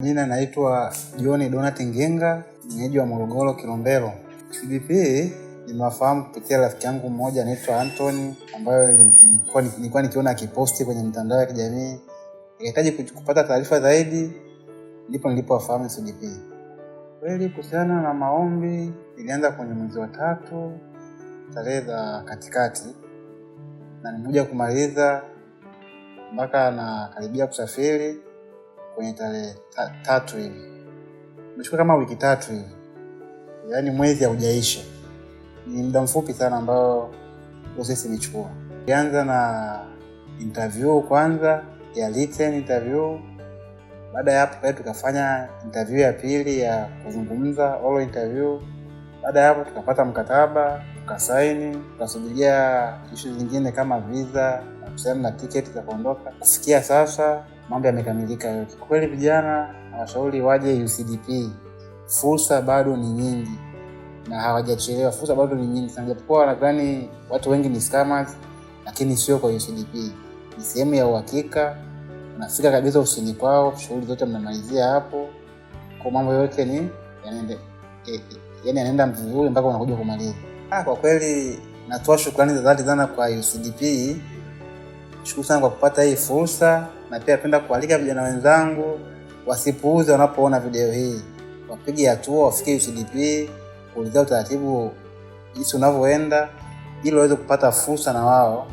Jina naitwa John Donati Ngenga, mwenyeji wa Morogoro Kilombero. CDP nimewafahamu kupitia rafiki yangu mmoja anaitwa Anthony, ambayo nilikuwa nikiona akiposti kwenye mitandao ya kijamii. Nikahitaji kupata taarifa zaidi, ndipo nilipowafahamu CDP. Kweli kuhusiana na maombi, ilianza kwenye mwezi wa tatu tarehe za katikati, na nimekuja kumaliza mpaka nakaribia kusafiri kwenye tarehe ta, tatu hivi, umechukua kama wiki tatu hivi, yaani mwezi haujaisha. Ni muda mfupi sana ambao process imechukua. Ilianza na interview kwanza ya written interview. Baada ya hapo tukafanya interview ya pili ya kuzungumza oral interview. Baada ya hapo tukapata mkataba tukasaini, tukasubiria ishu zingine kama visa na na tiketi za kuondoka. Kufikia sasa mambo yamekamilika yote. Kwa kweli, vijana nawashauri waje UCDP, fursa bado ni nyingi na hawajachelewa, fursa bado ni nyingi sana, japokuwa nadhani watu wengi ni scammers, lakini sio kwa UCDP. Ni sehemu ya uhakika, unafika kabisa usini kwao, shughuli zote mnamalizia hapo, kwa mambo yote ni yanaenda e, e, yani yanaenda vizuri mpaka unakuja kumaliza. Ah, kwa kweli natoa shukrani za dhati sana kwa UCDP. Shukuru sana kwa kupata hii fursa, na pia napenda kualika vijana wenzangu wasipuuze wanapoona video hii, wapige hatua, wafike UCDP kuulizia utaratibu jinsi unavyoenda, ili waweze kupata fursa na wao